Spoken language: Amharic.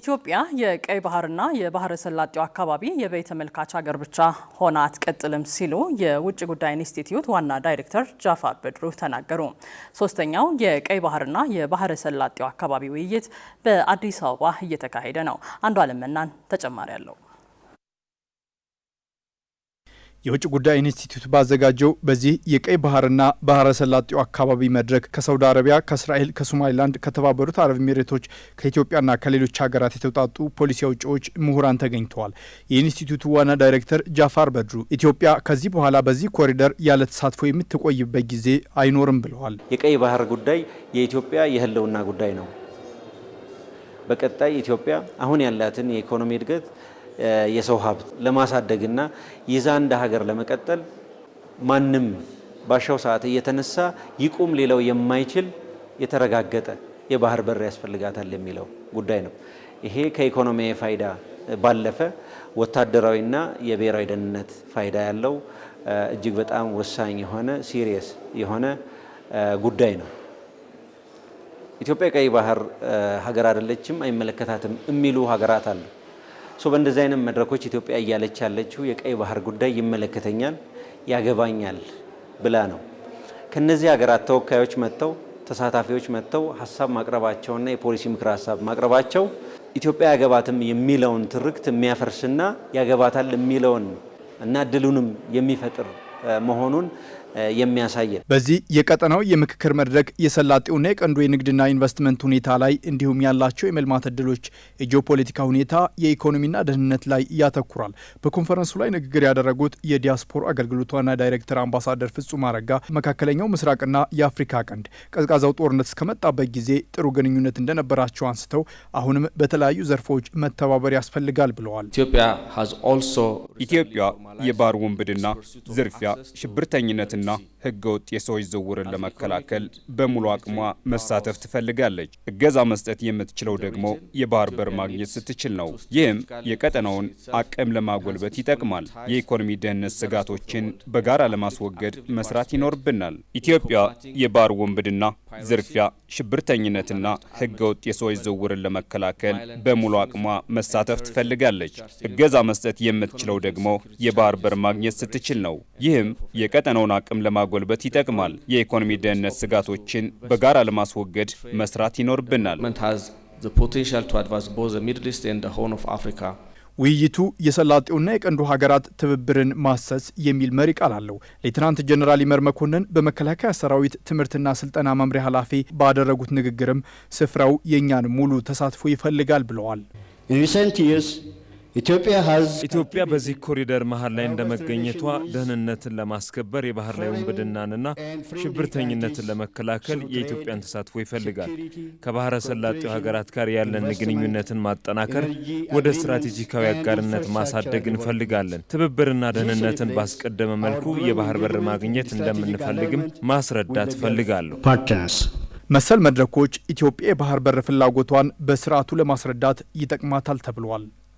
ኢትዮጵያ የቀይ ባህርና የባህረ ሰላጤው አካባቢ የበይ ተመልካች ሀገር ብቻ ሆና አትቀጥልም ሲሉ የውጭ ጉዳይ ኢንስቲትዩት ዋና ዳይሬክተር ጃፋ በድሩ ተናገሩ። ሶስተኛው የቀይ ባህርና የባህረ ሰላጤው አካባቢ ውይይት በአዲስ አበባ እየተካሄደ ነው። አንዷ እናን ተጨማሪ አለው። የውጭ ጉዳይ ኢንስቲትዩት ባዘጋጀው በዚህ የቀይ ባህርና ባህረ ሰላጤው አካባቢ መድረክ ከሳውዲ አረቢያ፣ ከእስራኤል፣ ከሶማሊላንድ፣ ከተባበሩት አረብ ኤሚሬቶች፣ ከኢትዮጵያና ከሌሎች ሀገራት የተውጣጡ ፖሊሲ አውጪዎች፣ ምሁራን ተገኝተዋል። የኢንስቲትዩቱ ዋና ዳይሬክተር ጃፋር በድሩ ኢትዮጵያ ከዚህ በኋላ በዚህ ኮሪደር ያለ ተሳትፎ የምትቆይበት ጊዜ አይኖርም ብለዋል። የቀይ ባህር ጉዳይ የኢትዮጵያ የህልውና ጉዳይ ነው። በቀጣይ ኢትዮጵያ አሁን ያላትን የኢኮኖሚ እድገት የሰው ሀብት ለማሳደግና ይዛ እንደ ሀገር ለመቀጠል ማንም ባሻው ሰዓት እየተነሳ ይቁም ሌላው የማይችል የተረጋገጠ የባህር በር ያስፈልጋታል የሚለው ጉዳይ ነው። ይሄ ከኢኮኖሚያዊ ፋይዳ ባለፈ ወታደራዊና የብሔራዊ ደህንነት ፋይዳ ያለው እጅግ በጣም ወሳኝ የሆነ ሲሪየስ የሆነ ጉዳይ ነው። ኢትዮጵያ ቀይ ባህር ሀገር አይደለችም፣ አይመለከታትም የሚሉ ሀገራት አሉ። በእንደዚህ አይነት መድረኮች ኢትዮጵያ እያለች ያለችው የቀይ ባህር ጉዳይ ይመለከተኛል፣ ያገባኛል ብላ ነው። ከነዚህ ሀገራት ተወካዮች መጥተው ተሳታፊዎች መጥተው ሀሳብ ማቅረባቸውና የፖሊሲ ምክር ሀሳብ ማቅረባቸው ኢትዮጵያ ያገባትም የሚለውን ትርክት የሚያፈርስና ያገባታል የሚለውን እና እድሉንም የሚፈጥር መሆኑን የሚያሳይ ነው። በዚህ የቀጠናው የምክክር መድረክ የሰላጤውና የቀንዱ የንግድና ኢንቨስትመንት ሁኔታ ላይ እንዲሁም ያላቸው የመልማት እድሎች፣ የጂኦፖለቲካ ሁኔታ፣ የኢኮኖሚና ደህንነት ላይ ያተኩራል። በኮንፈረንሱ ላይ ንግግር ያደረጉት የዲያስፖራ አገልግሎት ዋና ዳይሬክተር አምባሳደር ፍጹም አረጋ መካከለኛው ምስራቅና የአፍሪካ ቀንድ ቀዝቃዛው ጦርነት እስከመጣበት ጊዜ ጥሩ ግንኙነት እንደነበራቸው አንስተው አሁንም በተለያዩ ዘርፎች መተባበር ያስፈልጋል ብለዋል። ኢትዮጵያ የባር ወንብድና፣ ዝርፊያ፣ ሽብርተኝነትን ግጭቶችና ህገወጥ የሰዎች ዝውውርን ለመከላከል በሙሉ አቅሟ መሳተፍ ትፈልጋለች። እገዛ መስጠት የምትችለው ደግሞ የባህር በር ማግኘት ስትችል ነው። ይህም የቀጠናውን አቅም ለማጎልበት ይጠቅማል። የኢኮኖሚ ደህንነት ስጋቶችን በጋራ ለማስወገድ መስራት ይኖርብናል። ኢትዮጵያ የባህር ወንብድና፣ ዝርፊያ፣ ሽብርተኝነትና ህገወጥ የሰዎች ዝውውርን ለመከላከል በሙሉ አቅሟ መሳተፍ ትፈልጋለች። እገዛ መስጠት የምትችለው ደግሞ የባህር በር ማግኘት ስትችል ነው። ይህም የቀጠናውን አቅም አቅም ለማጎልበት ይጠቅማል። የኢኮኖሚ ደህንነት ስጋቶችን በጋራ ለማስወገድ መስራት ይኖርብናል። ውይይቱ የሰላጤውና የቀንዱ ሀገራት ትብብርን ማሰስ የሚል መሪ ቃል አለው። ሌትናንት ጀኔራል ይመር መኮንን በመከላከያ ሰራዊት ትምህርትና ስልጠና መምሪያ ኃላፊ ባደረጉት ንግግርም ስፍራው የእኛን ሙሉ ተሳትፎ ይፈልጋል ብለዋል። ኢትዮጵያ በዚህ ኮሪደር መሀል ላይ እንደመገኘቷ ደህንነትን ለማስከበር የባህር ላይ ውንብድናንና ሽብርተኝነትን ለመከላከል የኢትዮጵያን ተሳትፎ ይፈልጋል። ከባህረ ሰላጤው ሀገራት ጋር ያለን ግንኙነትን ማጠናከር፣ ወደ ስትራቴጂካዊ አጋርነት ማሳደግ እንፈልጋለን። ትብብርና ደህንነትን ባስቀደመ መልኩ የባህር በር ማግኘት እንደምንፈልግም ማስረዳት እፈልጋለሁ። መሰል መድረኮች ኢትዮጵያ የባህር በር ፍላጎቷን በስርዓቱ ለማስረዳት ይጠቅማታል ተብሏል።